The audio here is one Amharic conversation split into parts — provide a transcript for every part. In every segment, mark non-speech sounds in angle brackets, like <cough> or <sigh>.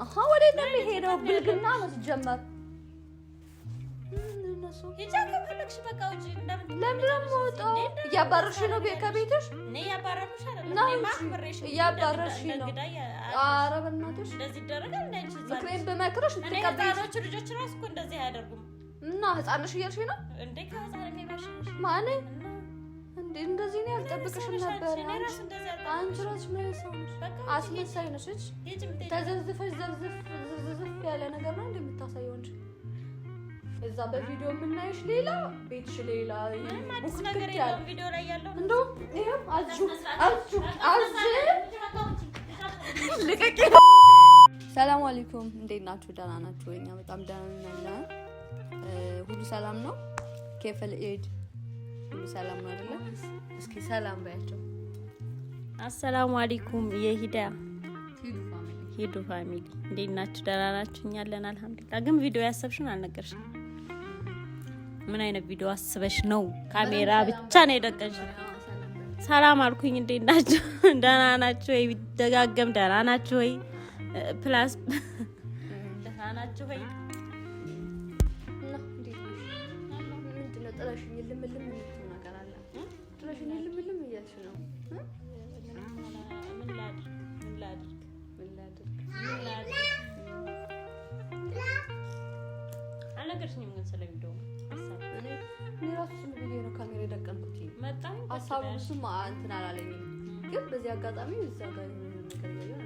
በቃ ወዴት ነው የሚሄደው? ብልግና ነው ሲጀመር። እያባረርሽ ነው ከቤትሽ እያባረርሽ ነው። ኧረ በእናትሽ ምክሬን ብመክርሽ ልጆች ራሱ እኮ እንደዚህ አያደርጉም እና ህፃንሽ እያልሽ ነው እንደዚህ ነው ያልጠብቅሽም ነበር። አንቺ ራስሽ ምን ሰውነሽ? አስመሳይ ነሽ። ተዘዝፈሽ ዘዝፍ ዘዝፍ ያለ ነገር ነው እንደምታሳየው እንጂ እዛ በቪዲዮ የምናይሽ ሌላ፣ ቤትሽ ሌላ። እንደውም ይኸው አዝሹ አዝሹ አዝ ልቀቂ። ሰላም አለይኩም፣ እንዴት ናችሁ? ደህና ናችሁ? እኛ በጣም ደህና ነን። ሁሉ ሰላም ነው። ኬፈል ኤድ ሰላም ነው አይደለ? እስኪ ሰላም ባያቸው። አሰላሙ አለይኩም የሂዳ ሂዱ ፋሚሊ እንዴት ናችሁ? ደህና ናችሁ? እኛ አለን አልሐምዱሊላህ። ግን ቪዲዮ ያሰብሽን አልነገርሽም። ምን አይነት ቪዲዮ አስበሽ ነው? ካሜራ ብቻ ነው የደቀሽ። ሰላም አልኩኝ። እንዴት ናችሁ? <laughs> ደህና ናችሁ ወይ? ደጋገም ደህና ናችሁ ወይ? ፕላስ ደህና ናችሁ ወይ? ጥለሽኝ ልምልም የምትሆ ነገር አለ። ጥለሽኝ ልምልም እያልሽ ነው። ምን ላድርግ? ምን ላድርግ? አልነገርሽኝም ግን ስለ ነው ካሜራ የደቀንኩት። መጣ ሀሳቡ እንትን አላለኝም፣ ግን በዚህ አጋጣሚ እዛ ጋር ነገር እያየሁ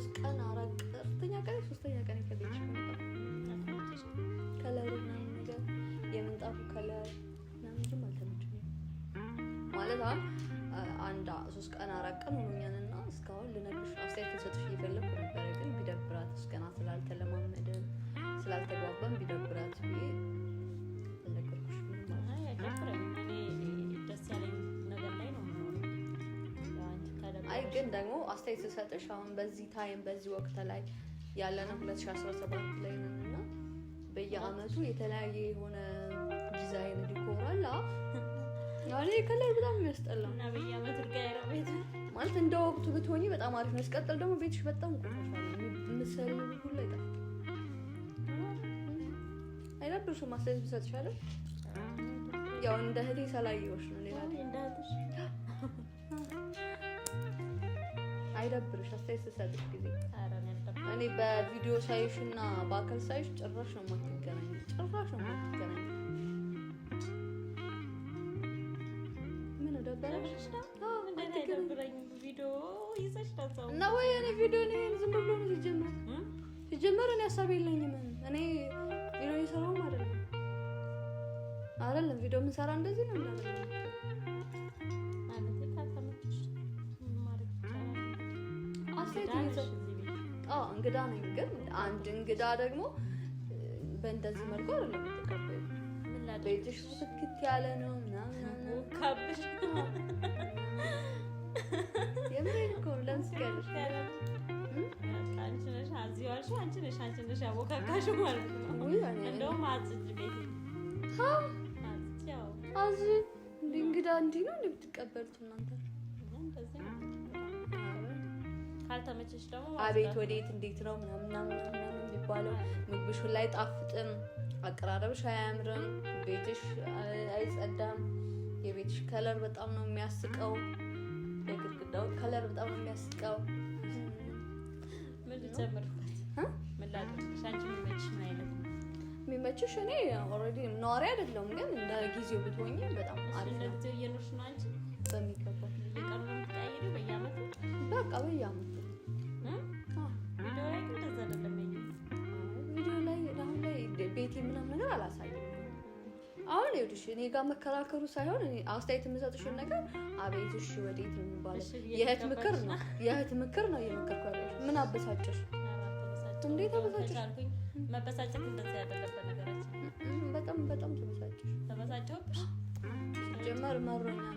ሶስት ቀን አራት ቀን ሶስተኛ ቀን ሶስተኛ ቀን የፈለግሽ ከለሩ ምናምን ነገር የምንጣፉ ከለር ምናምን ዝም አልተመቸኝም። ማለት አሁን አንድ ሶስት ቀን አራት ቀን ሆኖኛል እና እስካሁን ልነግርሽ አስተያየት ልሰጥሽ እየፈለግኩ ነበረ፣ ግን ቢደብራት እስገና ቀናት ስላልተለማመድን ስላልተግባባን ቢደብራት ብዬ አልነገርኩሽም። ግን ደግሞ አስተያየት ስሰጥሽ አሁን በዚህ ታይም በዚህ ወቅት ላይ ያለነው 2017 ላይ ነን እና በየአመቱ የተለያየ የሆነ ዲዛይን ዲኮራል ያለ ከለር በጣም የሚያስጠላ ማለት እንደ ወቅቱ ብትሆኚ በጣም አሪፍ ነው። ሲቀጥል ደግሞ ቤትሽ በጣም ቆሻሻ ምሰሉ ሁሉ ይጣ አይረብሽም። አስተያየት ብሰጥሻለሁ ያው እንደ እህቴ ሰላየዎች ነው ሌላ አይደብርሽ አስተያየት ስሰጥሽ ጊዜ እኔ በቪዲዮ ሳይሽ እና በአካል ሳይሽ ጭራሽ ነው የማትገናኝ ጭራሽ ነው የማትገናኝ ምን ደበረሽ እና ወይ እኔ ቪዲዮ ዝም ብሎ ነው ሲጀመር ሲጀመር እኔ ሀሳብ የለኝም እኔ ቪዲዮ እየሰራሁም አይደለም አይደለም ቪዲዮ የምንሰራ እንደዚህ ነው እንግዳ ነኝ። ግን አንድ እንግዳ ደግሞ በእንደዚህ መልኩ አይደለም ቤትሽ ፍክት ያለ ነው ምናምንካብሽ የምሬን እኮ ነው። ለምን ስቀልሽ እንግዳ እንዲህ ነው የምትቀበሉት እናንተ ካልተመቸሽ ደግሞ አቤት ወዴት እንዴት ነው ምናምን የሚባለው ምግብሽ ሁላ አይጣፍጥም፣ አቀራረብሽ አያምርም፣ ቤትሽ አይጸዳም። የቤትሽ ከለር በጣም ነው የሚያስቀው። የግድግዳው ከለር በጣም ነው የሚያስቀው። ምን ልጨምርበት? ምን ላድርግልሽ? አንቺ የሚመችሽ ምን አይነት የሚመችሽ? እኔ ኦልሬዲ ነዋሪ አይደለሁም፣ ግን እንደ ጊዜው ብትሆኝ በጣም አሪፍ ነው። በሚገባ በቃ በየአመቱ ምናምን ነገር አላሳይም። አሁን ይኸውልሽ እኔ ጋር መከራከሩ ሳይሆን እኔ አስተያየት የምሰጥሽን ነገር አቤት፣ እሺ፣ ወዴት ነው የሚባለው? የእህት ምክር ነው የእህት ምክር ነው የምክር ያለሽ። ምን አበሳጭሽ? እንዴት አበሳጭሽ? መበሳጨት እንደዚህ ያደለበት ነገር በጣም በጣም ተበሳጭሽ። ተበሳጨሁብሽ ጀመር መሮኛል።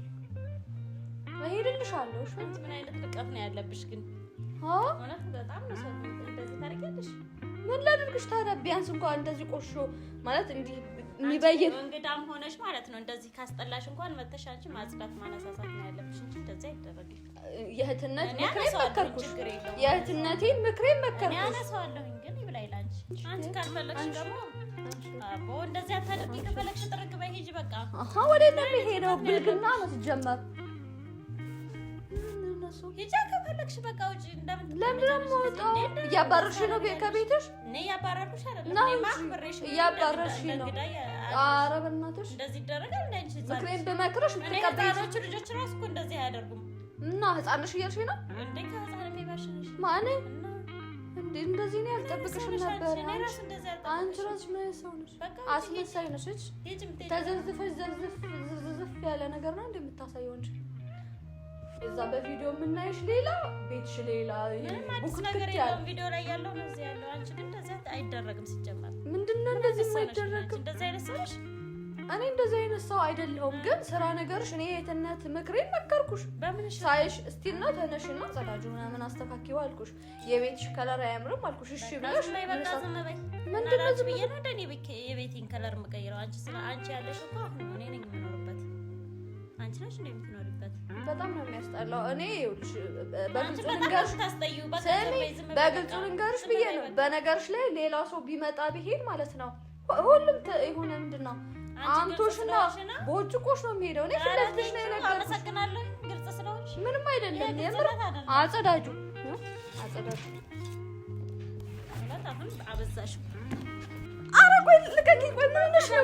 እሄድልሻለሁ። እሺ ምን አይነት ልቀት ነው ያለብሽ ግን? ምን ላድርግሽ ታዲያ? ቢያንስ እንኳን እንደዚህ ቆሾ ማለት እንዲህ የሚበይን እንግዳም ሆነሽ ማለት ነው። እንደዚህ ካስጠላሽ እንኳን መተሽ አንቺ ማጽዳት ማነሳሳት ነው ያለብሽ እንጂ እንደዚህ አይደረግም። የእህትነት ምክሬ መከርኩሽ። የእህትነቴ ምክሬ መከርኩሽ። ያነሳዋለሁኝ ግን ይብላኝ ላንቺ። አንቺ ካልፈለግሽ ደግሞ እንደዚህ አታደርጊ። ከፈለግሽ ጥርግ በይ ሂጂ በቃ። ወደ ነው የሚሄደው ብልግና ነው ሲጀመር ከፈለግሽ በቃ ውጪ። ለምን ለምወጣው እያባረርሽ ነው ከቤትሽ? እኔ እያባረርኩሽ አይደለም። ኧረ በእናትሽ እንደዚህ ይደረጋል። ምክሬን ብመክርሽ ልጆች እኮ እንደዚህ አያደርጉም። እና ህፃን ነሽ ነው እንዴ? ከህፃን ማን እንዴ? እንደዚህ ነው ያልጠብቅሽም ነበር። አንቺ ራስሽ ምን ሰው ነሽ? አስመሳይ ነሽ። ተዘዝፈሽ ዘዝፍ ያለ ነገር ነው እንደምታሳየው እንጂ እዛ በቪዲዮ የምናይሽ ሌላ ቤትሽ ሌላ ምንም አዲስ ነገር የለውም። ቪዲዮ ላይ ያለው ነው እዚህ ያለው። አንቺ ግን እንደዚህ አይደረግም። ሲጀመር ምንድን ነው እንደዚህ የማይደረግም? እንደዚህ አይነት ሰዎች እኔ እንደዚህ አይነት ሰው አይደለሁም። ግን ስራ ነገርሽ እኔ የትነት ምክሬን መከርኩሽ። በምንሽ ሳይሽ እስቲል ነው ተነሽና ጸዳጁ ምናምን አስተካኪው አልኩሽ። የቤትሽ ከለር አያምርም አልኩሽ። እሺ ብለሽ ምንድነው ነው ብዬ ነው የቤቴን ከለር የምቀይረው። አንቺ ስለ አንቺ ያለሽ እኮ አሁን እኔ ነኝ የምኖርበት አንቺ ነሽ እንደ የምትኖሪበት በጣም ነው የሚያስጠላው። እኔ ይኸውልሽ በግልጹ ልንገርሽ ብዬ ነው። በነገርሽ ላይ ሌላ ሰው ቢመጣ ቢሄድ ማለት ነው ሁሉም የሆነ ምንድን ነው አምቶሽና በውጭቆሽ ነው የሚሄደው። እኔ ፊት ለፊትሽ ነው የነገርኩሽ። ምንም አይደለም። የምር አጸዳጁ አጸዳጁ አበዛሽ። ኧረ ቆይ ልቀቂ። ቆይ ምን ሆነሽ ነው?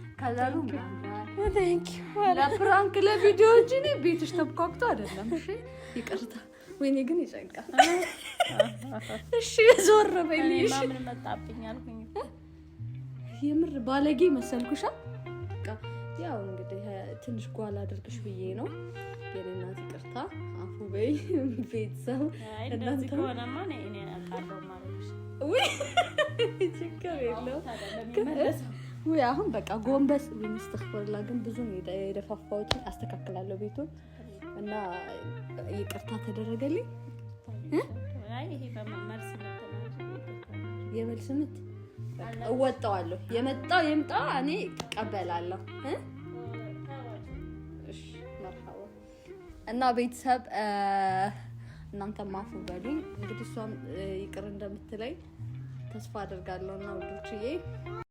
ከለሩ ለፕራንክ ለቪዲዮ እንጂ እኔ ቤትሽ ተብኳክቶ አይደለም። እሺ ይቅርታ። ወይኔ ግን ይጨንቃል። እሺ ዞር በይልሽ። ምን መጣብኝ አልኩኝ። የምር ባለጌ መሰልኩሻ። ያው እንግዲህ ትንሽ ጓላ አድርግሽ ብዬ ነው። የኔ እናት ይቅርታ። አፉ በይ ቤተሰብ እናንተ ሆነማ ችግር የለውም ውይ አሁን በቃ ጎንበስ ሚስትክበርላ ግን ብዙ የደፋፋዎችን አስተካክላለሁ ቤቱን እና ይቅርታ ተደረገልኝ። የመልስ ምት እወጣዋለሁ። የመጣው የምጣ እኔ እቀበላለሁ። እና ቤተሰብ እናንተ ማፉ በሉኝ። እንግዲህ እሷም ይቅር እንደምትለኝ ተስፋ አድርጋለሁ እና ውዶችዬ